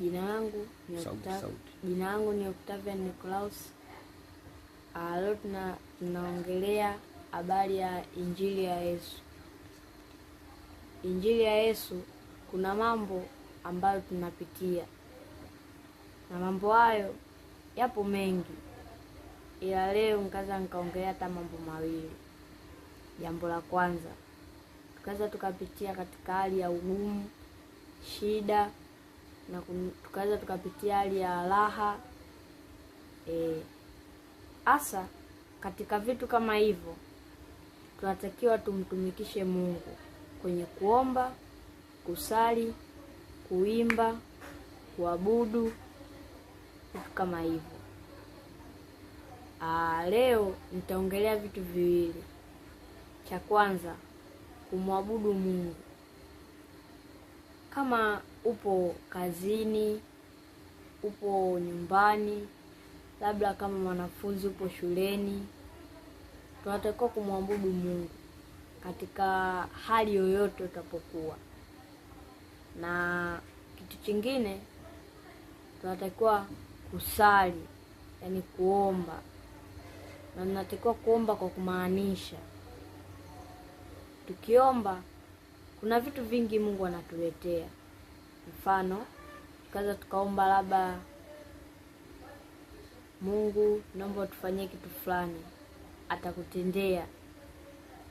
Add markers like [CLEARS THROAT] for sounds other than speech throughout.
Jina langu ni Octavia, jina langu ni Octavia Nicolaus. Ah, leo tuna tunaongelea habari ya injili ya Yesu. Injili ya Yesu, kuna mambo ambayo tunapitia na mambo hayo yapo mengi, ila leo nikaza nikaongelea hata mambo mawili. Jambo la kwanza, tukaza tukapitia katika hali ya ugumu, shida na tukaweza tukapitia hali ya raha e, hasa. E, katika vitu kama hivyo tunatakiwa tumtumikishe Mungu kwenye kuomba, kusali, kuimba, kuabudu, vitu kama hivyo. Aa, leo nitaongelea vitu viwili. Cha kwanza kumwabudu Mungu kama upo kazini, upo nyumbani, labda kama mwanafunzi upo shuleni, tunatakiwa kumwabudu Mungu katika hali yoyote utapokuwa. Na kitu chingine tunatakiwa kusali, yani kuomba, na tunatakiwa kuomba kwa kumaanisha. Tukiomba kuna vitu vingi Mungu anatuletea, mfano kaza tukaomba labda Mungu, naomba tufanyie kitu fulani, atakutendea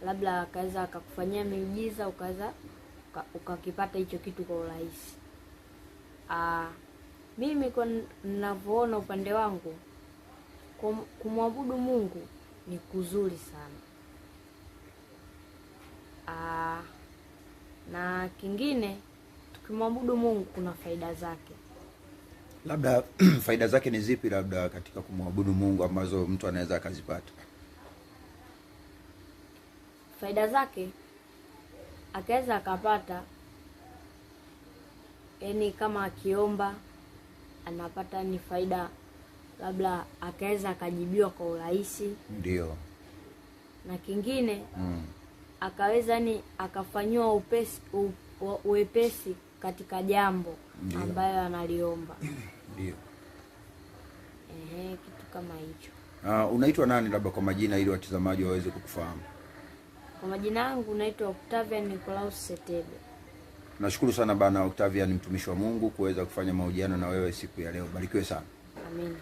labda, akaweza akakufanyia miujiza, ukaweza ukakipata hicho kitu kwa urahisi. Ah, mimi kwa ninavyoona upande wangu kumwabudu Mungu ni kuzuri sana. Ah, kingine tukimwabudu Mungu kuna faida zake. Labda [CLEARS THROAT] faida zake ni zipi, labda katika kumwabudu Mungu ambazo mtu anaweza akazipata? Faida zake akaweza akapata, yani kama akiomba anapata ni faida, labda akaweza akajibiwa kwa urahisi, ndio na kingine mm akaweza ni akafanyiwa upesi, uwepesi katika jambo Ndiyo. ambayo analiomba ndio Ehe, kitu kama hicho. Uh, unaitwa nani labda kwa majina ili watazamaji waweze kukufahamu? Kwa majina yangu naitwa Octavian Nicolaus Setebe. Nashukuru sana bana Octavian, mtumishi wa Mungu, kuweza kufanya mahojiano na wewe siku ya leo. Barikiwe sana. Amina.